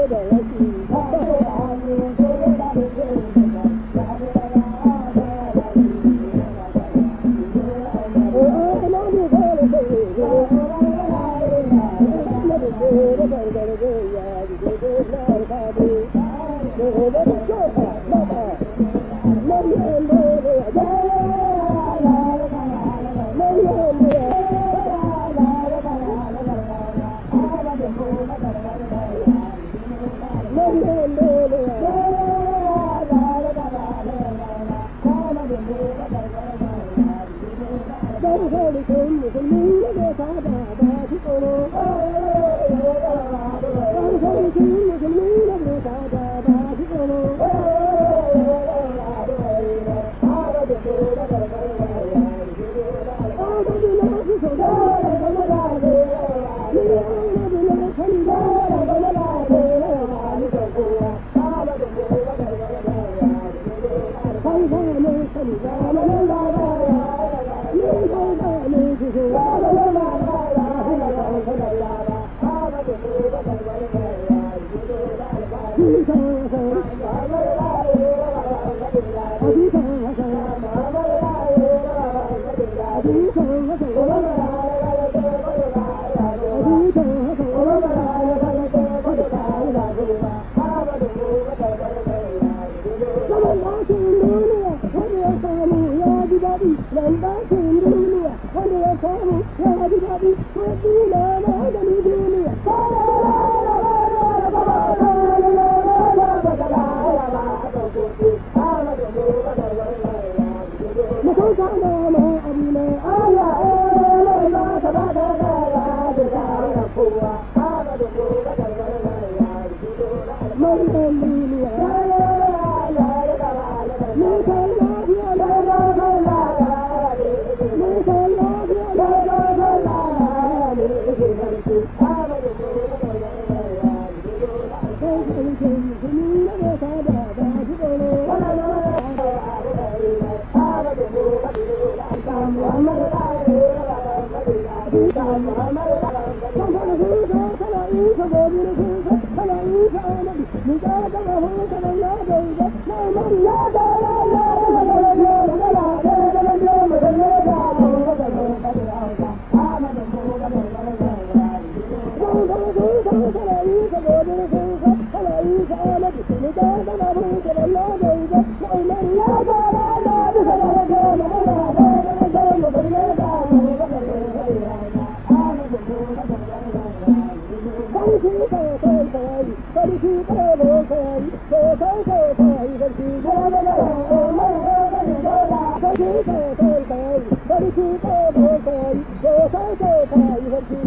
Liberal Hãy subscribe cho kênh Ghiền Mì Gõ Để không bỏ lỡ những video hấp dẫn Thank you. Thank you. Thank you.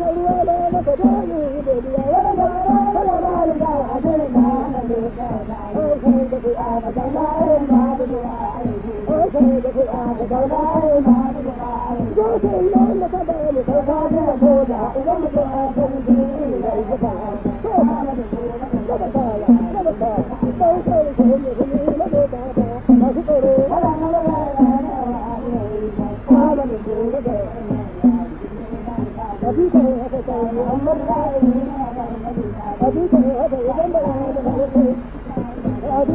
a Thank you. da